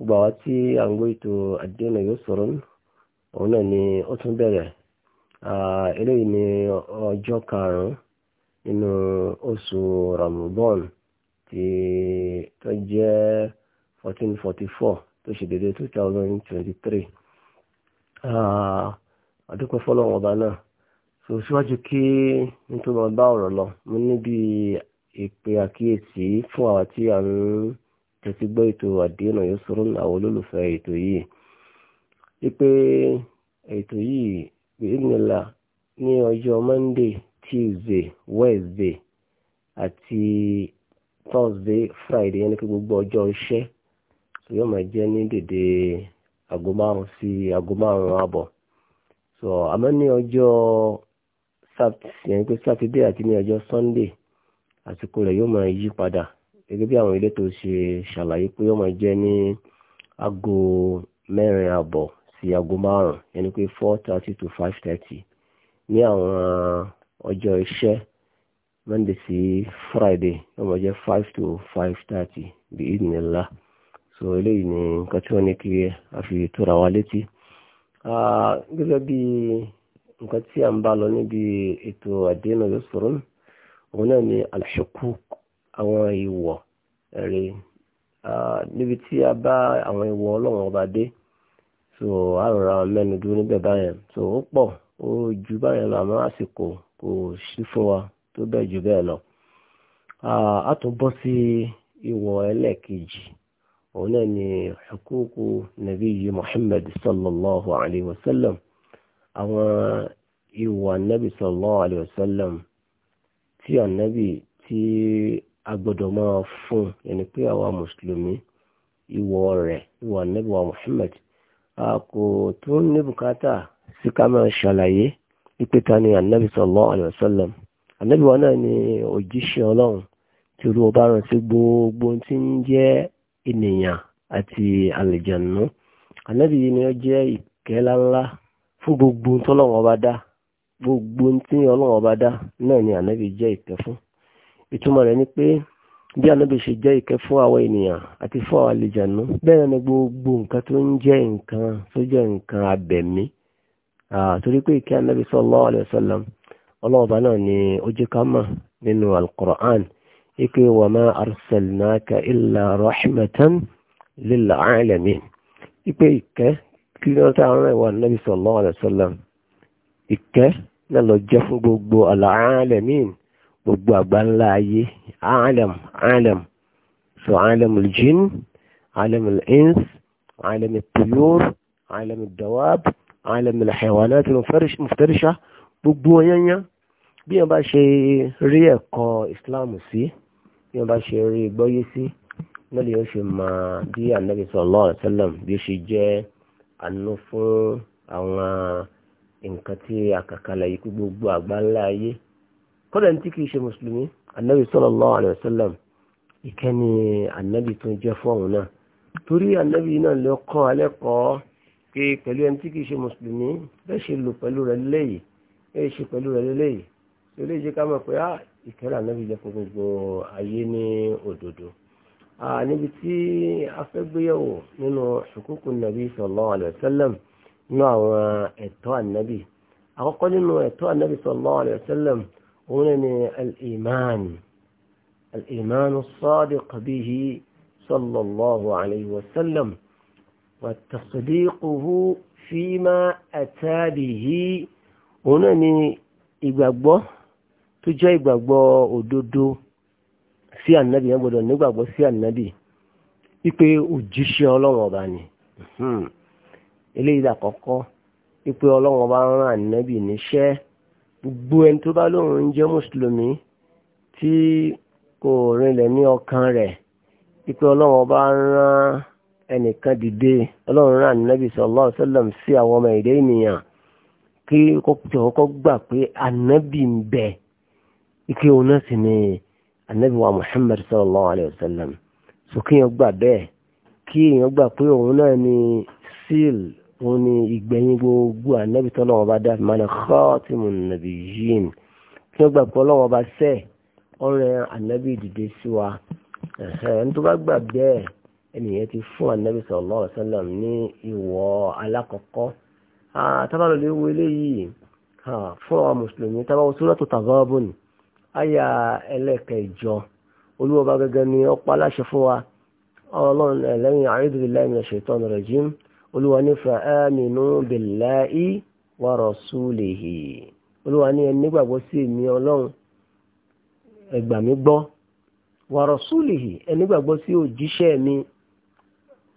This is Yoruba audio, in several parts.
gbogbo àwa tí à ń gbé ètò àdéhùn yóò sọ̀rọ̀ òun náà ni ó tún bẹ̀rẹ̀ eléyìí ni ọjọ́ karùn-ún nínú oṣù Ramadan ti tó jẹ́ 1444 tó ṣe dédé 2023 àdúpẹ́ fọ́lọ́run ọba náà so síwájú kí nítorí ọba ọ̀rọ̀ lọ mo níbi ìpè àkíyèsí fún àwa tí à ń tẹ́tí gbọ́ ètò àdéhùn yusrun ní àwọn olólùfẹ́ ètò yìí wípé ètò yìí bínílà ní ọjọ́ monday tuesday wednesday àti thursday friday yẹn ní kí gbogbo ọjọ́ iṣẹ́ tó yóò máa jẹ́ ní dèdè aago márùn-ún sí aago márùn-ún àbọ̀ so àmọ́ ní ọjọ́ sátidé àti ní ọjọ́ sunday àsìkò rẹ̀ yóò máa yí padà gẹ́gẹ́ bí àwọn ilé tó ṣe ṣàlàyé pé ó máa jẹ́ ní aago mẹ́rin àbọ̀ sí aago márùn-ún pé four thirty to five thirty ní àwọn ọjọ́ iṣẹ́ monday sí friday ó máa jẹ́ five to five thirty bí ìdìnnìlá so eléyìí ni nǹkan tí wọ́n ní kí a fi tóra wa létí gẹ́gẹ́ bí nǹkan tí a ń bá lọ níbi ètò àdéhùn yóò òun náà ni alhukuk àwọn ìwọ̀ ẹ̀rí níbi tí a bá àwọn ìwọ̀ ọlọ́run ọba dé so a rọra mẹ́nu dúró níbẹ̀ báyẹn so ó pọ̀ ó ju báyẹn lọ àmọ́ àsìkò kò sí fún wa tó bẹ́ẹ̀ jù bẹ́ẹ̀ lọ. a tún bọ́ sí ìwọ̀ ẹlẹ́ẹ̀kejì òun náà ni hukuku nàbí yìí Muhammad sallallahu alayhi wa sallam àwọn ìwọ̀ ànábì sallallahu alayhi wa sallam tí ànábì tí a gbọ́dọ̀ máa fún ẹni pé àwa mùsùlùmí ìwọ rẹ̀ ìwọ ànábì wa Muhammad a kò tún ní bùkátà sí ká máa ṣàlàyé wípé ta ni ànábì sallallahu alaihi wasallam ànábì wa náà ni òjíṣẹ́ ọlọ́run tí olúwa bá rán sí gbogbo tí ń jẹ́ ènìyàn àti àlùjànnú ànábì yìí ni ó jẹ́ ìkẹ́ láńlá fún gbogbo tí ọlọ́run ọba dá gbogbo tí ọlọ́run ọba dá náà ni ànábì jẹ́ ìkẹ́ fún ìtumọ̀ rẹ̀ ni pé bí ànábì ṣe jẹ́ ìkẹ́ fún àwọn ènìyàn àti fún àwọn àlejànú bẹ́ẹ̀ ni gbogbo nǹkan tó ń jẹ́ nǹkan tó jẹ́ nǹkan abẹ̀mí torí pé ìkẹ́ ànábì sallallahu alaihi wasallam ọlọ́ọ̀bá náà ni ó jẹ́ ká mọ̀ nínú al-Qur'an ike wa ma arsalnaka illa rahmatan lil alamin ipe ìkẹ́ kí ló tá àwọn ìwà ànábì sallallahu alaihi wasallam ìkẹ́ náà lọ jẹ́ fún gbogbo al gbogbo àgbáńlá ayé alam alam so alam jin, alam ins, alam tuyur alam dawab alam alhayawanat muftarisha gbogbo ọyányá bí wọn bá ṣe rí ẹ̀kọ́ islam sí bí wọn bá ṣe rí gbọ́yé sí náà lè ṣe máa bí anabi sallallahu alaihi wasallam bí ó ṣe jẹ́ àánú fún àwọn nǹkan tí àkàkàlà yìí gbogbo àgbáńlá ayé kọ́dà tí kìí ṣe mùsùlùmí annabi sallallahu alaihi wasallam ìkẹni annabi tó jẹ́ fọ́ọ̀hún náà torí annabi náà lọ kọ́ alẹ́kọ̀ọ́ pé pẹ̀lú ẹni tí kìí ṣe mùsùlùmí bẹ́ẹ̀ ṣe lò pẹ̀lú rẹ̀ lélẹ́yìí bẹ́ẹ̀ ṣe pẹ̀lú rẹ̀ lélẹ́yìí tó lè jẹ́ ká mọ̀ pé ah, ìkẹ́rẹ́ annabi jẹ́ fún gbogbo ayé ní òdodo. níbi tí a fẹ́ gbéyàwó nínú ṣùkúkú nàbí sallallahu alaihi هنا الإيمان الإيمان الصادق به صلى الله عليه وسلم وتصديقه فيما أتى به هنا إبقبه تجا إبقبه أدودو sí ànábì yẹn gbọdọ̀ nígbàgbọ́ sí ànábì wípé òjíṣẹ́ ọlọ́run ọba ni eléyìí dà kọ́kọ́ wípé ọlọ́run ọba rán ànábì níṣẹ́ gbogbo ẹni tó bá lóun ń jẹ́ mùsùlùmí tí kò rinlẹ̀ ní ọkàn rẹ̀ ipe ọlọ́run ọba rán ẹnìkan dìde ọlọ́run rán ànábì sallallahu alaihi wasallam sí àwọn ọmọ èdè ènìyàn kí kọ́kọ́ gbà pé ànábì ń bẹ ike òun náà sì ni ànábì wa Muhammad sallallahu alaihi wasallam sókè yẹn gbà bẹ́ẹ̀ kí èèyàn gbà pé òun náà ni síl wọn ni ìgbẹ̀yìn gbogbo ànábì tó lọ́wọ́ bá dá fi máa ní khatimun nabiyyin tí wọ́n gbà pé ọlọ́wọ́ bá sẹ́ ọ̀rẹ́ ànábì dìde sí wa ẹni tó bá gbà bẹ́ẹ̀ ẹnìyẹn ti fún ànábì sallallahu alaihi wasallam ní ìwọ̀ alákọ̀ọ́kọ́ tábàlọ́lẹ̀ wo eléyìí fún àwọn mùsùlùmí tábàwọ̀ suratu Taghabun àyà ẹlẹ́kẹ̀ẹ́jọ olúwọ́ba gẹ́gẹ́ ni ọ̀pá aláṣẹ fún wa ọlọ́run lẹ́yìn olúwa ní fa aminu billahi wa rasulihi olúwa ní ẹni gbàgbọ́ sí èmi ọlọ́run ẹ gbà mí gbọ́ wa rasulihi ẹni gbàgbọ́ sí òjíṣẹ́ mi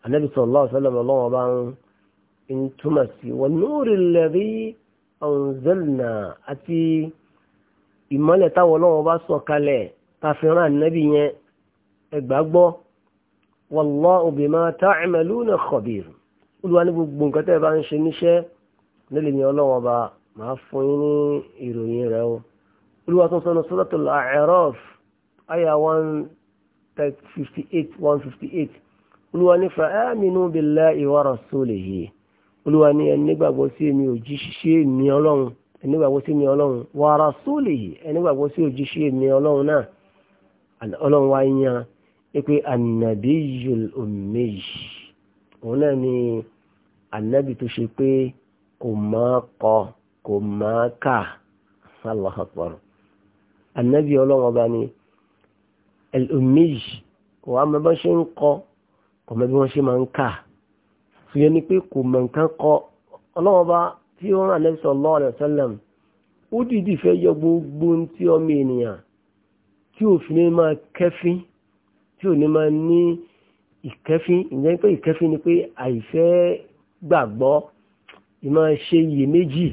anabi sallallahu alaihi wasallam ọlọ́run ọba ń túmọ̀ sí wa nuril ladhi anzalna àti ìmọ́lẹ̀ táwọn ọlọ́run bá sọ kalẹ̀ tàfihàn ànábì yẹn ẹ gbàgbọ́ wallahu bima ta'maluna khabir olúwa ní gbogbo nǹkan tẹ́ ẹ bá ń ṣe níṣẹ́ nílẹ̀ ní ọlọ́wọ́n ọba màá fún yín ní ìròyìn rẹ o olúwa tó ń sọnù Suratul A'raf àyà one fifty eight one fifty eight olúwa ní fa aminu billahi wa rasulihi olúwa ní ẹni nígbàgbọ́ sí èmi òjíṣẹ́ mi ọlọ́run ẹni sí mi ọlọ́run wa rasulihi ẹni sí òjíṣẹ́ mi ọlọ́run náà ọlọ́run wá yan pé ànàbíyul ummi òun náà ni ànábì tó ṣe pé kò máa kọ kò máa kà Allahu Akbar ànábì ọlọ́run ọba ni ẹlòmíyì kò wá mọ bí wọ́n ṣe ń kọ kò mọ bí wọ́n ṣe máa ń kà fìyẹn ni pé kò mọ nǹkan kọ ọlọ́run ọba tí ó rán ànábì sallallahu alaihi wasallam ó dìdí fẹ́ yọ gbogbo tí ọmọ ènìyàn tí òfin máa kẹ́fín tí ò máa ní ìkẹ́fín ìyẹn pé ìkẹ́fín ni pé àìfẹ́ gbàgbọ́ ìmọ̀ ṣe iyèméjì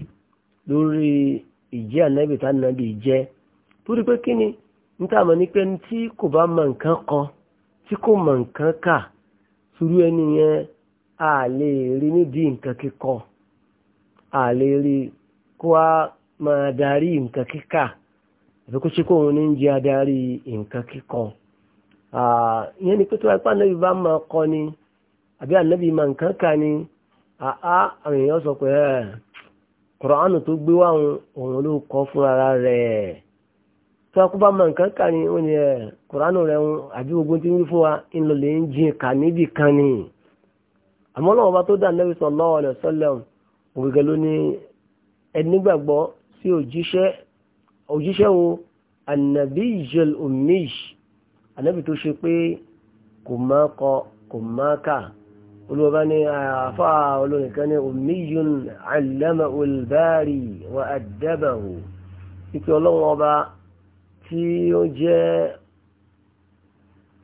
lórí ìjẹ́ ànábì tá ànábì jẹ́ torí pé kí ni níta mọ̀ ní pé tí kò bá mọ nǹkan kan tí kò mọ nǹkan kà sùúrù ẹni yẹn a lè rí nídìí nǹkan kíkọ a lè rí kó a máa darí nǹkan kíkà kó òun ní ń adarí nǹkan kíkọ ìyẹn ni pé tó wáyé pé ànábì bá ni àbí ànábì máa nǹkan kà ni. àá àwọn èèyàn sọ pé eh, kùránù tó gbé wá òun ló kọ́ fún ara rẹ̀ tó akú bá mọ nǹkan kà ní wọ́n ní ẹ̀ eh, kùránù rẹ̀ ń àbí gbogbo tí ń fún wa ń lọ lè ń jin kà níbì kan ni àmọ́ lọ́wọ́ bá tó dà Nábì sallallahu alaihi wasallam ògègè ló ní ẹnigbàgbọ́ sí òjíṣẹ́ òjíṣẹ́ wo ànàbí ìjẹl omish ànàbí tó ṣe pé kò má kọ kò má kà olùwọ́bá ní àfá olórin kan ní omiyun alama olùbárì wa àdábàwò ike ọlọ́wọ́n ọba tí ó jẹ́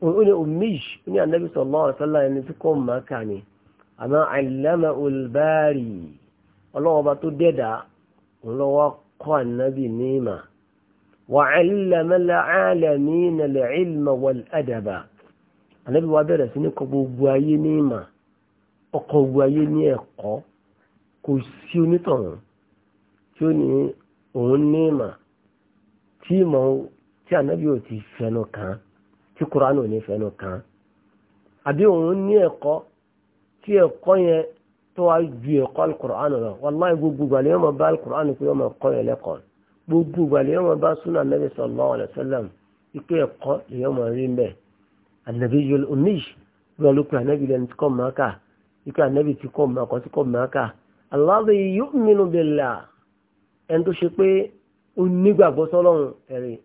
ó ní omish ní anabi sallallahu alaihi wasallam ẹni tí kò máa kà ní àmọ́ alama olùbárì ọlọ́wọ́n ọba tó dẹ́dà ńlọ́wọ́ kọ́ anabi ní ìmà wa alamina al-ilma wal adaba anabi bẹ̀rẹ̀ sí ní kọ́ gbogbo ayé ní ọkọ̀ ogun ayé ní ẹ̀kọ́ kò sí onítọ̀hún tí ó ní òun ní ìmọ̀ tí ìmọ̀ tí ànábì ò ti fẹnu kàn tí kuranu ò ní fẹnu kàn àbí òun ní ẹ̀kọ́ tí ẹ̀kọ́ yẹn tó wá ju ẹ̀kọ́ alukur'anu lọ wàláyé gbogbo ìgbàlẹ̀ yẹn mọ̀ bá alukur'anu pé ọmọ ẹ̀kọ́ yẹn lẹ́kọ̀ọ́ gbogbo ìgbàlẹ̀ yẹn mọ̀ bá súnà ànábì sallallahu alaihi wasallam ikú ẹ̀kọ́ lèyàn mọ̀ rí mbẹ́ ànábì yọlọ́míṣ lọ́lọ́kùn ànábì lẹ́nu tí kò máa kà ikú ànábì ti kọ́ mọ́ ọkọ̀ tí kọ́ mọ́ ká alladhi yu'minu billah ẹni tó ṣe pé ó nígbàgbọ́ sọ́lọ́run ẹ̀rẹ̀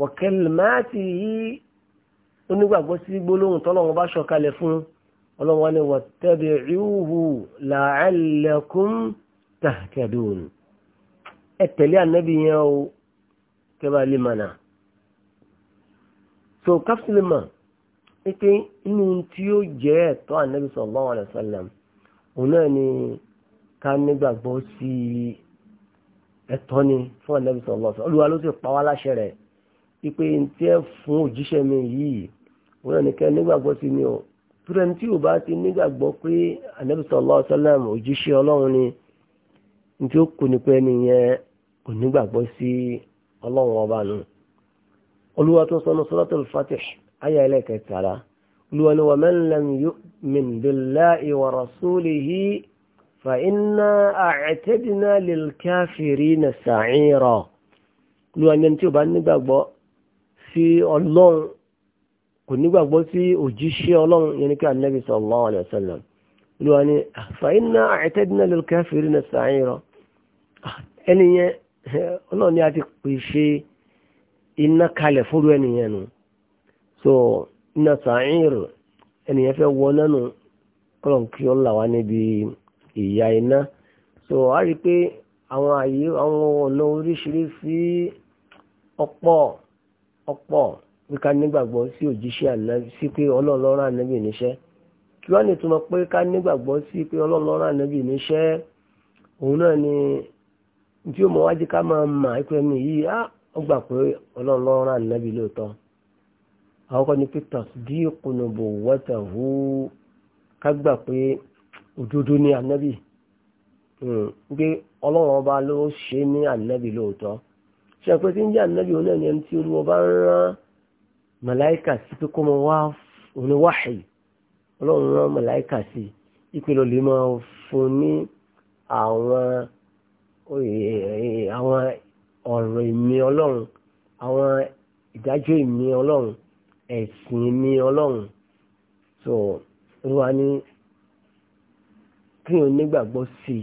wa kalimatihi ó nígbàgbọ́ sí gbólóhùn tọ́lọ́run bá sọ̀kalẹ̀ fún ọlọ́run wa ni wattabi'uhu la'allakum tahtadun ẹ tẹ̀lé ànábì yẹn o kẹ́ bá lè mọ̀nà. so capsule man nke inu tí o je eto ànábì sallallahu alaihi wasallam ni ká si sí ni fún ànábì sallallahu alaihi wasallam olúwa ló ipe pa wá láṣẹ mi yìí òun náà ni kẹ́ ni o tura ní o bá ti nígbàgbọ́ pé ànábì sallallahu alaihi wasallam òjíṣẹ́ ọlọ́run ni ní tí ó Fatih ayé ẹlẹ́kẹtàlá olùwọ́ni wa man lam yu'min billahi wa rasulihi fa inna a'tadna lil kafirina sa'ira olùwọ́ni ẹni tí ó bá nígbàgbọ́ sí ọlọ́run kò nígbàgbọ́ sí òjíṣẹ́ ọlọ́run yẹn ni kí anabi sallallahu alayhi wa sallam fa inna a'tadna lil kafirina sa'ira ẹnìyẹn ọlọ́run ni a ti pèsè iná kalẹ̀ fúnrú ẹnìyẹn nù. so iná sàáyìn ẹnìyẹn fẹ́ wọ nánu kọ́lọ̀ kí ó là níbi ìyá iná so a rí i pé àwọn àyè àwọn ọ̀nà oríṣiríṣi ọ̀pọ̀ ọ̀pọ̀ wíká nígbàgbọ́ sí òjíṣẹ́ ànábì sí pé ọlọ́run ló rán ànábì níṣẹ́ kí wọ́n ní túmọ̀ pé ká nígbàgbọ́ sí pé ọlọ́run ànábì níṣẹ́ òun náà ni tí ó wájú ká máa mà àkọ́kọ́ ni pé tasdiqu nubuwwatahu kágbà pé òdodo ni ànábì hmm, pé ọlọ́run ọba ló ṣe ní ànábì lóòótọ́ ṣe pé tí ń jẹ́ ànábì oní ẹni ẹni tí olúwọ́ bá ń rán màláìkà sí pé kó mọ wá òní wáhì ọlọ́run rán màláìkà sí ìpìlọ̀ lè máa fún ní àwọn ọ̀rọ̀ ìmí ọlọ́run àwọn ìdájọ́ ìmí ọlọ́run ẹ̀sìn ní ọlọ́run so olúwa ní kí n nígbàgbọ́ sí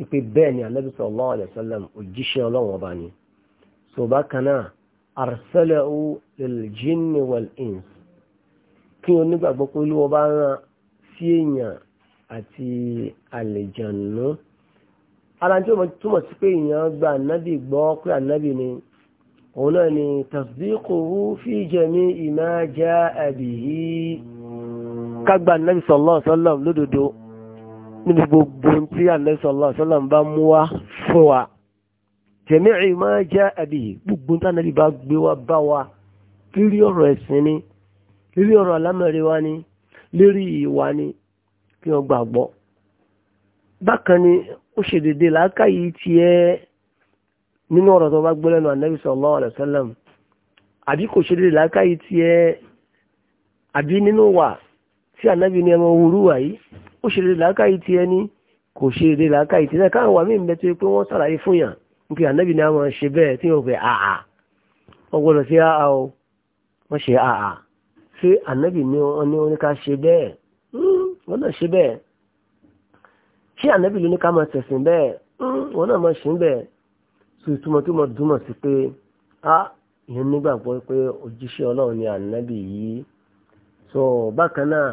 i pé bẹ́ẹ̀ ni anabi sallallahu alaihi wasallam òjíṣẹ́ ọlọ́run ọba ni so bákan náà arsalahu lil jinni wal ins kí n nígbàgbọ́ pé olúwa bá rán sí èèyàn àti àlejànú ara tí sí pé èèyàn gba ànábì gbọ́ pé ànábì ni òun náà ni tasdiquhu fi jami'i ma ja'a bihi kágbà nàbì sallallahu alaihi wasallam lódodo níbi gbogbo tí ànàbì sallallahu alaihi wasallam bá mú wá fún wa jami'i ma ja'a bihi gbogbo tí ànàbì bá gbé wá bá wa lírí ọ̀rọ̀ ẹ̀sìn ni lírí ọ̀rọ̀ alámẹ̀rẹ̀ wa ni lérí ìwà ni kí wọ́n gbàgbọ́ bákan ni ó ṣèdèdè làákàyè tiẹ̀ nínú ọ̀rọ̀ tó bá gbọ́ lẹ́nu ànábì sallallahu alaihi wasallam àbí kò ṣe dédé lákàyè tí ẹ àbí nínú wà tí ànábì ní ẹmọ òwúrú wà yìí ó ṣe dédé lákàyè tí ẹ ní kò ṣe dédé lákàyè tí ẹ káwọn wà mí mẹ́tò pé wọ́n sàlàyé fún yàn nípa ànábì ní àwọn ṣe bẹ́ẹ̀ tí wọ́n fẹ́ àà wọ́n gbọ́dọ̀ sí àà o wọ́n ṣe àà ṣé ànábì ní oníká ṣe bẹ́ẹ̀ hmm, wọ́n náà ṣe bẹ́ẹ̀ ṣé ànábì ní ká máa tẹ̀sìn bẹ́ẹ̀ hmm, wọ́n náà máa ṣe bẹ́ẹ̀ so ìtumọ̀ tó mọ̀ dúmọ̀ sí pé a ìyẹn nígbàgbọ́ pé òjíṣẹ́ ọlọ́run ni ànábì yìí so bákan náà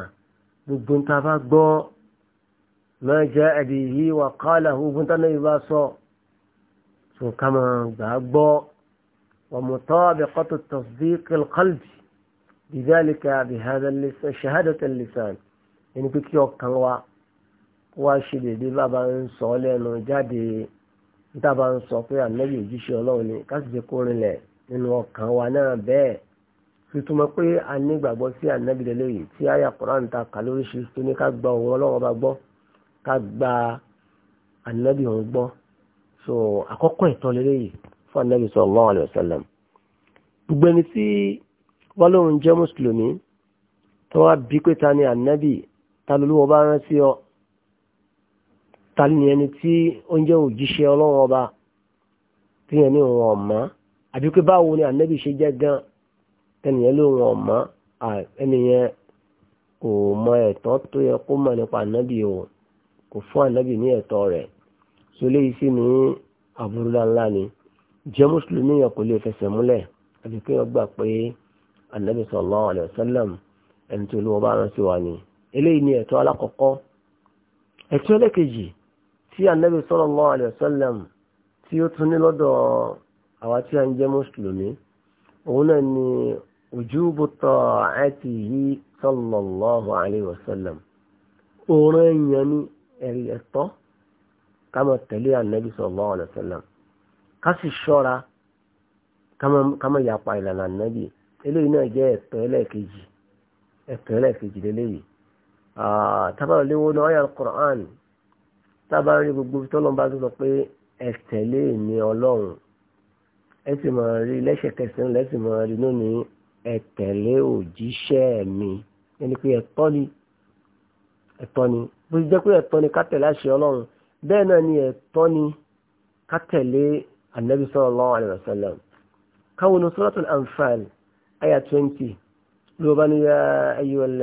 gbogbo ń ta bá gbọ́ máa jẹ́ ẹ̀dì yìí wà kálà gbogbo ń tánà ìbá sọ so ká máa gbà á gbọ́ wà mú tọ́ àbẹ̀kọ́tò tọ̀sí kìlkọ́lbì bìbẹ́ẹ̀lìkà àbìhádẹ́lẹ́sẹ̀ ṣahádẹ́tẹ̀lẹ́sàn ẹni pé kí ọkàn wa wá ṣe dédé bàbá ń sọ lẹ́nu jáde níta bá ń sọ pé ànábì òjíṣẹ́ ọlọ́run ni ká sì ṣe kó rinlẹ̀ nínú ọkàn wa náà bẹ́ẹ̀ tuntun pé a nígbàgbọ́ sí ànábì lélẹ́yìí tí àyà Kùránì ta kà lóríṣiríṣi tó ní ká gba òun ọlọ́run bá gbọ́ ká gba ànábì òun gbọ́ so àkọ́kọ́ ìtọ́ lélẹ́yìí fún ànábì sallallahu alaihi wasallam gbogbo ẹni tí wọ́n lóun jẹ́ mùsùlùmí tó wá bí pé ta ni ànábì ta lolúwọ́ bá rán sí ọ tani ẹni tí ó ń jẹ́ òjíṣẹ́ ọlọ́run ọba tí yẹn ní òun ọ̀mọ́ àbí pé báwo ni ànábì ṣe jẹ́ gan ẹnìyẹn ló ń ọ̀mọ́ ẹnìyẹn kò mọ ẹ̀tọ́ tó yẹ kó mọ̀ nípa ànábì o kò fún ànábì ní ẹ̀tọ́ rẹ̀ so léyìí sí ní aburú ńlá ni jẹ́ mùsùlùmí yẹn kò lè fẹsẹ̀ múlẹ̀ àbí pé wọ́n gbà pé ànábì sallallahu alaihi ẹni tó lówó bá rán sí wa ni eléyìí ni ẹ̀tọ́ alákọ̀ọ́kọ́ ẹ̀tọ́ ẹlẹ́kejì tí anabi sallallahu alayhi wa sallam tí ó tún ní lọ́dọ̀ àwa tí a ń jẹ́ mùsùlùmí òun náà ni ujubu ta'atihi sallallahu alayhi wa sallam òun èèyàn ní ẹ̀rí ẹ̀tọ́ ká máa tẹ̀lé anabi sallallahu alayhi wa sallam ká sì ṣọ́ra ká máa yapa ìlànà anabi eléyìí náà jẹ́ ẹ̀tọ́ ẹlẹ́ẹ̀kejì ẹ̀tọ́ ẹlẹ́ẹ̀kejì lélẹ́yìí ah, tábàlẹ́wọ́ náà ayà tábà rí gbogbo tọ́lọ́mbà tó sọ pé ẹ tẹ̀lé mi ọlọ́run ẹ sì máa rí lẹ́sẹ̀kẹsẹ̀ ẹ sì máa rí lónìí ẹ tẹ̀lé òjíṣẹ́ mi ẹni pé ẹ̀tọ́ ni ẹ̀tọ́ ni bó ti jẹ́ pé ẹ̀tọ́ ni ká tẹ̀lé àṣẹ ọlọ́run bẹ́ẹ̀ náà ni ẹ̀tọ́ ni ká tẹ̀lé anabi sallallahu káwọn ní suratul anfal twenty ló bá ní yá ayyuhal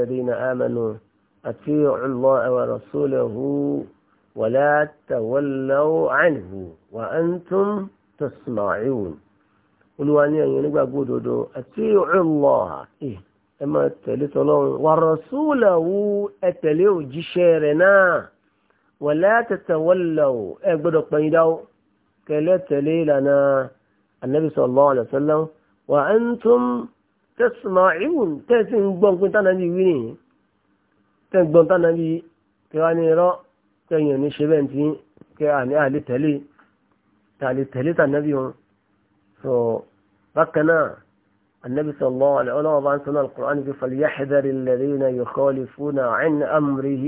wala tawallaw anhu wa antum tasma'un olúwa ní ẹ̀yin onígbàgbọ́ òdodo àti Allah ẹ máa tẹ̀lé tọlọ́run wa rasulahu ẹ tẹ̀lé òjíṣẹ́ rẹ̀ náà wala tatawallaw ẹ gbọ́dọ̀ pẹ̀yìn dáwọ́ kẹlẹ́ tẹ̀lé ìlànà anabi sallallahu alaihi wasallam wa antum tasma'un tẹ̀sí ń gbọ́n pé tánàbí wí nìyí tẹ̀ ń gbọ́n tánàbí kẹwàá ní irọ́ kẹ́yìn ní ṣe bẹ́ẹ̀ tí kẹ́ àní àlè tẹ̀lé tàlè tẹ̀lé tànàbí wọn sọ bákan náà النبي صلى الله عليه وسلم عن سنة القرآن فليحذر الذين يخالفون عن أمره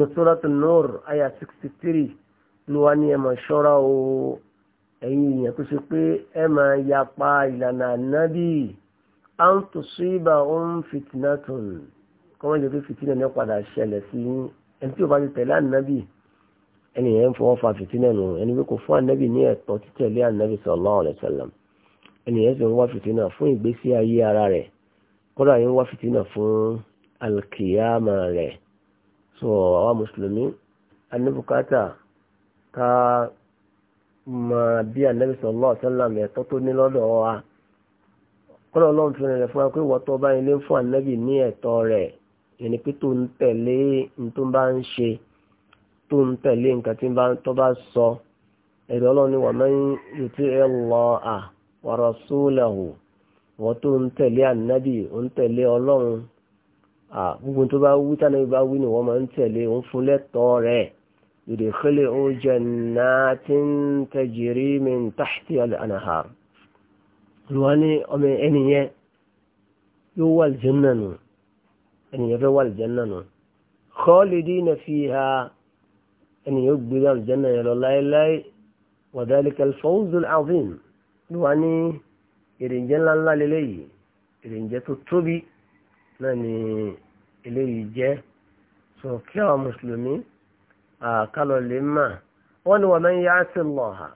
نصرة النور آية 63 لواني ما شرعوا أي يكسقي أما يقع لنا النبي أن تصيبهم فتنة كما يقول فتنة نقعد على الشلسين ẹni tí ò bá ti tẹ̀lé ànábì ẹni yẹn ń fọwọ́ fa fìtínà nù ẹni pé kò fún ànábì ní ẹ̀tọ́ títẹ̀lé ànábì sallallahu alaihi wasallam ẹni yẹn sì ń wá fìtínà fún ìgbésí ayé ara rẹ̀ kódà yẹn ń wá fìtínà fún alkiyama rẹ̀ so àwa mùsùlùmí anibukata ká máa bí ànábì sallallahu alaihi wasallam ẹ̀tọ́ tó ní lọ́dọ̀ wa kódà ọlọ́run fi rẹ̀ fún wa pé wọ́tọ́ yẹni pé tó ń tẹ̀lé ní tó bá ń ṣe tó ń tẹ̀lé nǹkan tí tó bá sọ ẹ̀rọ ọlọ́ni wà man yuti Allaha wa rasulahu wọ́n tó ń tẹ̀lé ànábì ó ń tẹ̀lé ọlọ́run gbogbo tó bá wí tánàbí bá wí ni wọ́n máa ń tẹ̀lé òun fún lẹ́tọ̀ọ́ rẹ̀ yudkhiluhu jannatin tajri min tahtiha al-anhar. ìwọ́n ní ọmọ ẹni yóò wà lìjẹ́ náà nù ẹnìyàn fẹ́ wà àlùjánnà nù khalidina fiha ẹnìyàn gbé àlùjánnà yẹn lọ láéláé wa dhalika al-fawzul azim ni wà ní èrèǹjẹ́ ńláńlá lélẹ́yìí èrèǹjẹ́ tó tóbi náà ni eléyìí jẹ́ sọ kí àwọn mùsùlùmí àkálọ̀ lè mà wọ́n ni wọ́n máa ń yá sí lọ́ha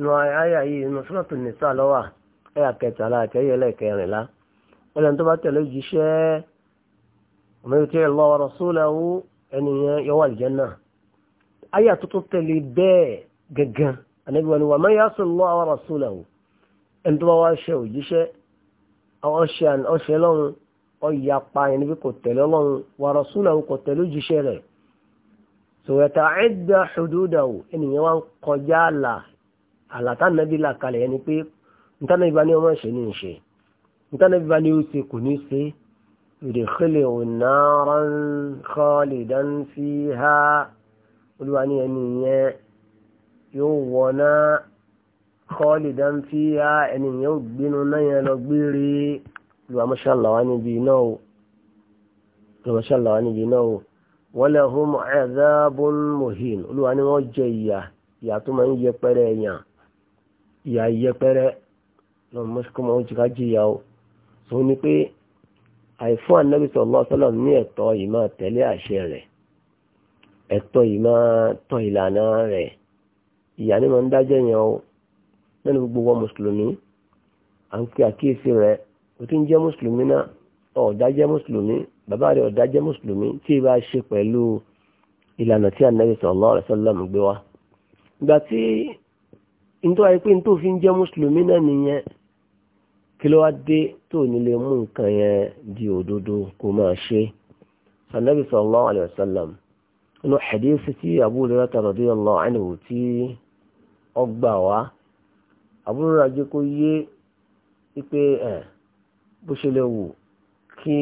nù àyà yìí nù sọ́tò nìta lọ́wà ẹ̀yà kẹtàlá àti ẹ̀yẹ lẹ́ẹ̀kẹrìnlá wọ́n lẹ́nu tó bá tẹ̀lé jíṣẹ́ ومن يطيع الله ورسوله أن يوال الجنة أي تطلي بي ججا النبي ومن يصل الله ورسوله أن تواشي وجيشي أو أشياء أو شيء لهم أو يقطع النبي قتل لهم ورسوله قتل جيشي سو يتعدى حدوده أن يوان قجالة على تنبي لك يعني بي نتنبي بني وما شيء نشي نتنبي بني وسي كوني سي yudkhiluhu naran khalidan fiha olúwa ní ẹni yẹn yóò wọná khalidan fiha ẹni yẹn ò gbénu náà yẹn lọ gbére olúwa mọ́ṣáláwá níbi náà o olúwa mọ́ṣáláwá níbi náà o walahum adhabun muhin olúwa ní wọ́n jẹ ìyà ìyà tó máa ń yẹpẹrẹ ẹ̀yàn ìyà yẹpẹrẹ lọ́mọ́síkọ́mọ́ ó ti ká jìyà o sọ ni pé àìfún ànábì sallallahu alaihi wasallam ní ẹ̀tọ́ yìí máa tẹ̀lé àṣẹ rẹ̀ ẹ̀tọ́ yìí máa tọ ìlànà rẹ̀ ìyá ni máa ń dájẹ́ yẹn o nínú gbogbo wọn mùsùlùmí à ń pe àkíyèsí rẹ̀ o ti ń jẹ́ mùsùlùmí náà ọ̀dájẹ́ mùsùlùmí bàbá rẹ̀ ọ̀dájẹ́ mùsùlùmí tí ì bá ṣe pẹ̀lú ìlànà tí ànábì sallallahu alaihi wasallam gbé wa ìgbà tí ntọ́ àìpé ntọ́ fi ń jẹ́ mùsùlùmí náà nìyẹn kí ló wá dé tó nílé mú nǹkan yẹn di òdodo kó máa ṣe sanabi sallallahu alayhi wa sallam inú xadíìsì tí Abu Hurairah radiyallahu anhu tí ó gbà wá Abu Hurairah jẹ́ kó yé pé ẹ bó ṣe lè wù kí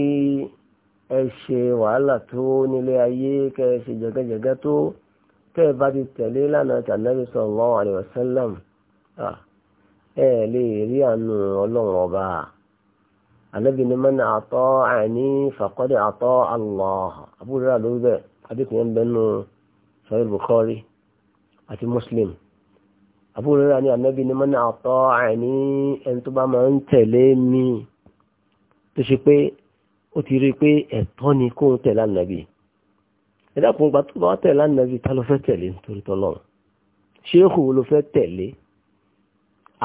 ẹ ṣe wàhálà tó nílé ayé kẹ ẹ ṣe jẹgẹjẹgẹ tó kẹ ẹ bá ti tẹ̀lé lánàá tànàbí sallallahu alayhi wa sallam ẹ lè rí àánú ọlọ́run ọba ànábì ni man ata'ani faqad ata'a Allah àbúrò rà lórí bẹ́ẹ̀ adékùnrin ń bẹnu sahih Bukhari àti Muslim àbúrò rà ní ànábì ni man ata'ani ẹni tó bá máa ń tẹ̀lé mi tó ṣe pé ó ti rí i pé ẹ̀tọ́ ni kó ń tẹ̀lé ànábì ẹ̀dá kan gbà tó bá tẹ̀lé ànábì ta ló fẹ́ tẹ̀lé nítorí tọ́lọ́run ṣéèkù wo ló fẹ́ tẹ̀lé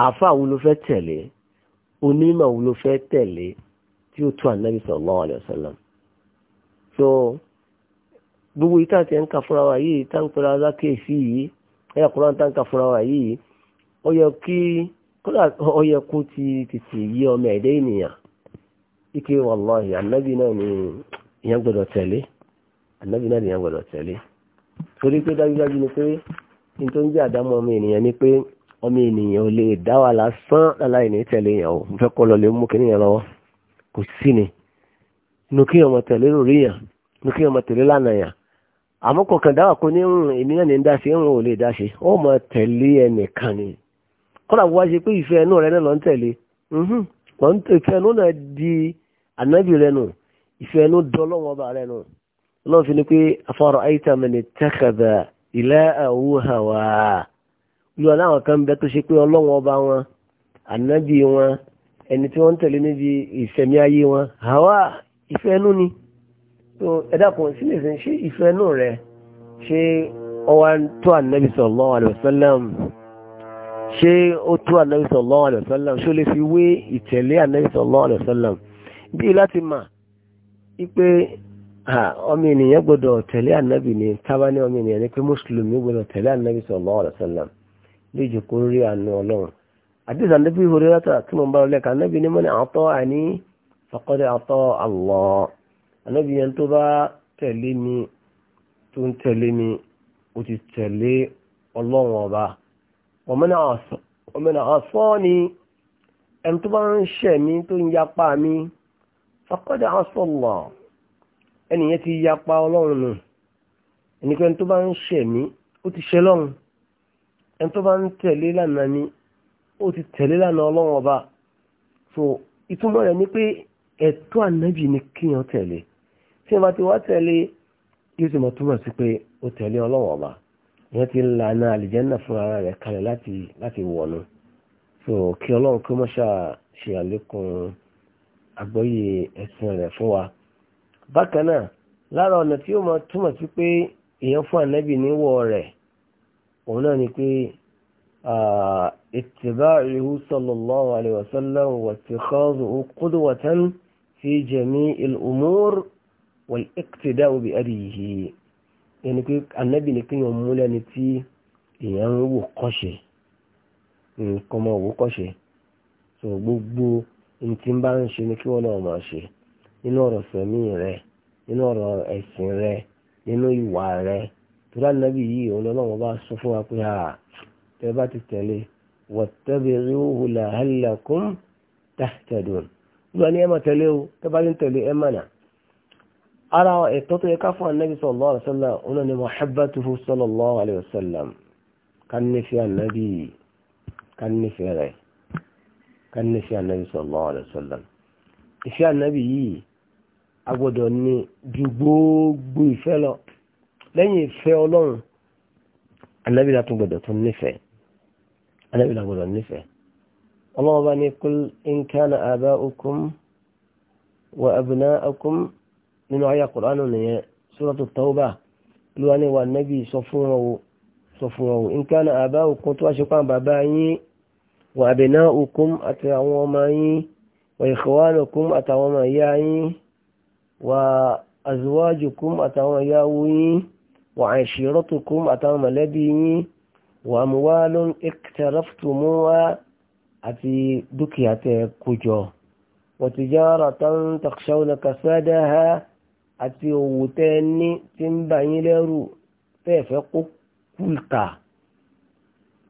àáfà wo tele. fẹ́ tẹ̀lé onímọ̀ wo ló fẹ́ tẹ̀lé tí ó tó ànábì sallallahu so gbogbo yìí táǹtì ń fúnra wa yìí táǹtì ra lákèésí yìí ẹ̀yà kúrò táǹkà fúnra wa yìí ó kí kódà ti tètè yí ọmọ ẹ̀dẹ́ ènìyàn ike wàláhì ànábì náà ni ìyẹn gbọdọ̀ tẹ̀lé ànábì náà ni ìyẹn gbọdọ̀ tẹ̀lé torí pé dájúdájú ni pé jẹ́ àdámọ́ ọmọ ni pé ọmọ ènìyàn ò lè dá wà lásán láláì ní tẹ̀lé yẹn o mo fẹ́ kọ́ lọ lè mú kíní yẹn lọ́wọ́ kò sí ni inú kí ọmọ tẹ̀lé lórí yàn inú kí ọmọ tẹ̀lé lánàá yàn àmọ́ kọ̀ọ̀kan dáwà kó ní èmi náà ní dá sí ẹ̀rùn ò lè dá ṣe ó mọ tẹ̀lé ẹnìkan ni kọ́dà wá ṣe pé ìfẹ́ ẹnu rẹ náà lọ ń tẹ̀lé lọ ń tẹ̀lé ìfẹ́ ẹnu náà di ànábì rẹ nù ìfẹ́ ẹnu dọ́lọ́wọ́ lu aláwọn kan bẹ tó ṣe pé ọlọ́wọ́n ọba wọn ànábì wọn ẹni tí wọ́n ń tẹ̀lé níbi ìfẹ̀mí ayé wọn àwa ìfẹ́ inú ni tó ẹ̀dàkùn sílẹ̀ sí ṣé ìfẹ́ inú rẹ ṣé ọwá tó ànábì sallallahu alaihi wasallam ṣé ó tó ànábì sallallahu alaihi wasallam ṣó lè fi wé ìtẹ̀lé ànábì sallallahu alaihi wasallam bí láti mà ipe ọmọ ènìyàn gbọdọ̀ tẹ̀lé ànábì ni tábà ọmọ ènìyàn ni pé mùsùlùmí gbọdọ̀ tẹ̀lé ànábì sallallahu alaihi wasallam lè jẹ́ kó rí àánú ọlọ́run àdìsá níbi ìhòòrè látà tí mo ń bá ọ lẹ́ka níbi ní àtọ́ àní faqad ata Allah ànábi yẹn tó bá tẹ̀lé mi tó ń tẹ̀lé mi ó ti tẹ̀lé ọlọ́run ọba ọmọnà ọ̀sán ni ẹni tó bá ń ṣẹ̀ mi tó ń yapa mi faqad ata Allah ẹnìyẹn ti yapa ọlọ́run nù ẹnikẹ́ni tó bá ń ṣẹ̀ mi ó ti ṣẹ̀ lọ́run ẹni tó bá ń tẹ̀lé lánàá ni ó ti tẹ̀lé lánàá ọlọ́run ọba so ìtumọ̀ rẹ̀ ni pé ẹ̀tọ́ ànábì ni kíyàn tẹ̀lé tí wọ́n bá ti wá tẹ̀lé yóò ti mọ̀ túmọ̀ sí pé ó tẹ̀lé ọlọ́run ọba ìyẹn ti lànà àlìjẹ́nà fún ara rẹ̀ kalẹ̀ láti wọ̀nu so kí ọlọ́run kí ó mọ̀ ṣáà ṣe àlékún àgbọ́yé ẹ̀sìn rẹ̀ fún wa bákan náà lára ọ̀nà tí ó mọ̀ túmọ̀ sí pé èèyàn fún ànábì níwọ̀ rẹ̀ òun náà ni pé اتباعه صلى الله عليه وسلم واتخاذه قدوة في جميع الأمور والاقتداء بأبيه yẹni pé anábì ní kí yàn múlẹ̀ ní tí èèyàn ń wò kọ́ṣe nǹkan máa wò kọ́ṣe tó gbogbo ní tí ń bá ń ṣe ni kí wọ́n náà máa ṣe nínú ọ̀rọ̀ sẹ̀mí rẹ nínú ọ̀rọ̀ ẹ̀sìn rẹ nínú ìwà rẹ tura nàbì yìí òun lọ́wọ́ bá sọ fún wa pé ha tẹ bá ti tẹ̀lé wattabi'uhu la'allakum tahtadun lọ́wọ́ ni ẹ máa tẹ̀lé o tẹ bá ti ń tẹ̀lé ẹ mọ̀nà. ara ẹ̀tọ́ tó yẹ ká fún anabi sallallahu alayhi wa sallam òun ni muhabbatuhu sallallahu alayhi wa sallam ká nífẹ̀ẹ́ anabi ká nífẹ̀ẹ́ yìí agbọ́dọ̀ ní ju gbogbo ìfẹ́ lọ lẹ́yìn ìfẹ́ ọlọ́run anábìlá tún gbọdọ̀ tún nífẹ̀ẹ́ anábìlá gbọdọ̀ nífẹ̀ẹ́ ọlọ́run bá ní kul in kana aba'ukum wa abna'ukum nínú ayé àkùránù nìyẹn suratu tawba ló wá ní wa nábì sọ fún wọn o sọ fún tó wá ṣe pàǹ bàbá yín wa abna'ukum àti àwọn ọmọ yín wa ikhwanukum àtàwọn ọmọ ìyá yín wa azwajukum àtàwọn ìyàwó yín wa ashiratukum àtàwọn mọ̀lẹ́bí yín wa amwalun iqtaraftumuha àti dúkìá tẹ́ kójọ wa tijaratan takshawna kasadaha àti òwò tẹ́ ní tí ń bà yín lẹ́rù tẹ́ kó kúlta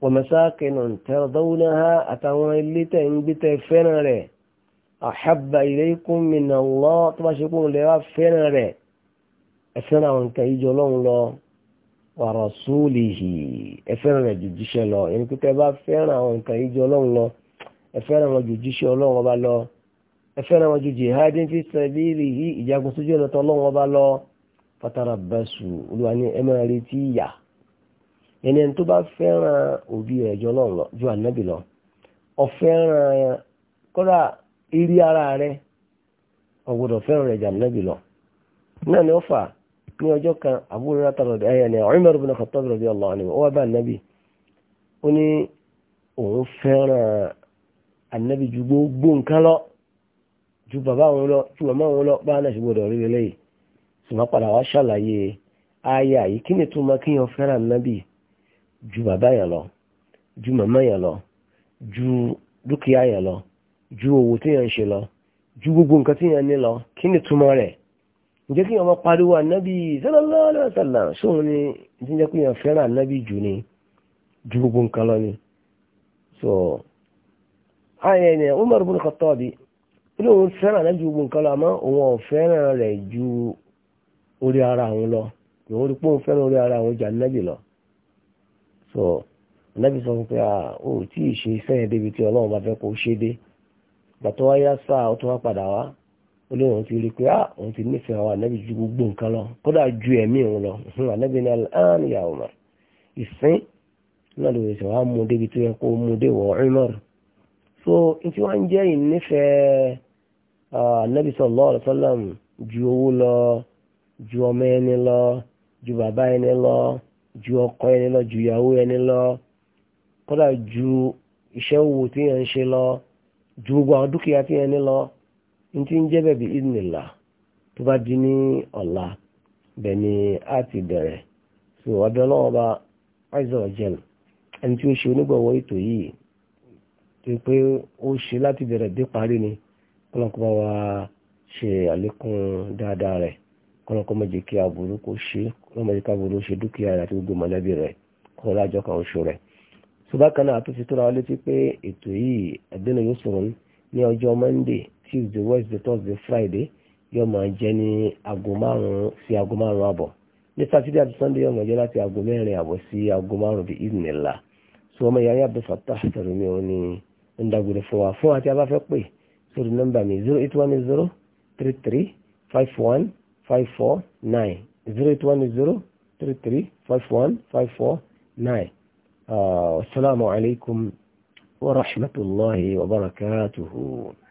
wa masakinun tardawnaha àtàwọn ilé tẹ́ ń gbé tẹ́ fẹ́ràn rẹ̀ ahabba ilaykum min Allah tó bá ṣe kó lè wá fẹ́ràn rẹ̀ ẹ fẹ́ràn àwọn nǹkan yìí jọ ọlọ́run lọ wa rasulihi ẹ fẹ́ràn rẹ̀ jù lọ ẹni bá fẹ́ràn àwọn ọlọ́run lọ wọn ọlọ́run ọba lọ ẹ wọn wọn jù jihadin fi sabilihi ìjagun sójú ọlọ́run ọba lọ fatarabbasu olúwa ni ẹ máa retí ìyà ẹni ẹni tó bá fẹ́ràn òbí rẹ̀ jọ ọlọ́run lọ ju náà ni ó fà ní ọjọ́ kan àbúrò látàrọ̀ ẹ̀yà ni Umar ibn Khattab radiyallahu anhu ó wá bá ànábì ó ní òun fẹ́ràn ànábì ju gbogbo nǹkan lọ ju bàbá òun lọ ju màmá òun lọ bá náà ṣe gbọdọ̀ rí lélẹ́yìí ṣùgbọ́n padà wá ṣàlàyé aya yìí kí ni tó máa kí yàn fẹ́ràn ànábì ju bàbá yẹn lọ ju màmá yẹn lọ ju dúkìá yẹn lọ ju òwò tí ń ṣe lọ ju gbogbo nǹkan tí ní lọ kí ni túmọ̀ rẹ̀ ǹjẹ́ kí ọmọ pariwo ànábì sallallahu alaihi wasallam ni ti ń jẹ́ pé èèyàn fẹ́ràn ànábì jù ni ju gbogbo nǹkan lọ ni so ayé ni Umar ibn Khattab inú òun fẹ́ràn ànábì ju gbogbo nǹkan lọ àmọ́ òun ò fẹ́ràn rẹ̀ ju orí ara òun lọ òun rí pé fẹ́ràn orí ara òun ju ànábì lọ so ànábì sọ fún pé ó tí ì ṣe iṣẹ́ yẹn débi tí Ọlọ́run bá fẹ́ kó ṣe dé gbàtọ́ wáyá sáà ó tún wá padà wá olóhùn ti rí pé ah òun ti nífẹ̀ẹ́ àwọn ànábì ju gbogbo nǹkan lọ kódà ju ẹ̀mí òun lọ ànábì ní aláàánú ya Umar ìsín náà ló rẹ̀ sọ wá mú débi tó yẹ kó mú dé wọ Umar so n tí wọ́n ń jẹ́ ìnífẹ̀ẹ́ ànábì sallallahu alaihi wasallam ju owó lọ ju ọmọ ẹni lọ ju bàbá ẹni lọ ju ọkọ ẹni lọ ju ìyàwó ẹni lọ kódà ju iṣẹ́ òwò tí yẹn ń ṣe lọ ju gbogbo àwọn dúkìá tí yẹn ní lọ ntí ń jẹ́ bẹ̀bí ìdìnnìlá tó bá di ní ọ̀la bẹ̀ ni a ti bẹ̀rẹ̀ so ọ̀dọ̀ ọlọ́wọ́ bá aiza ọ̀jẹ̀l ẹni tí ó ṣe onígbọ̀wọ́ ètò yìí tó pé ó ṣe láti bẹ̀rẹ̀ dé parí ni kọ́lọ́kọ́ bá wa ṣe àlékún dáadáa rẹ̀ kọ́lọ́kọ́ má jẹ́ kí aburú kó ṣe kọ́lọ́kọ́ má jẹ́ kí aburú ṣe dúkìá rẹ̀ àti gbogbo mọ̀lẹ́bí rẹ̀ kọ́lọ́ lájọ́ kan oṣù rẹ̀ so bákan náà àtúnṣe tó tuesday wednesday thursday friday yóò máa jẹ́ ní aago márùn-ún sí aago márùn-ún ní saturday àti sunday yóò máa jẹ́ láti aago mẹ́rin àbọ̀ sí aago márùn-ún ìdìnnìlá so ọmọ ìyá yàgbé fatah sọ̀rọ̀ mi ò ní ń dágbére fún wa fún àti abáfẹ́ pè sórí nọ́mbà mi zero eight one zero three three five one five four nine zero eight one zero three three five one five four nine asalaamualeykum ah, wa rahmatulahi wa barakatuhu.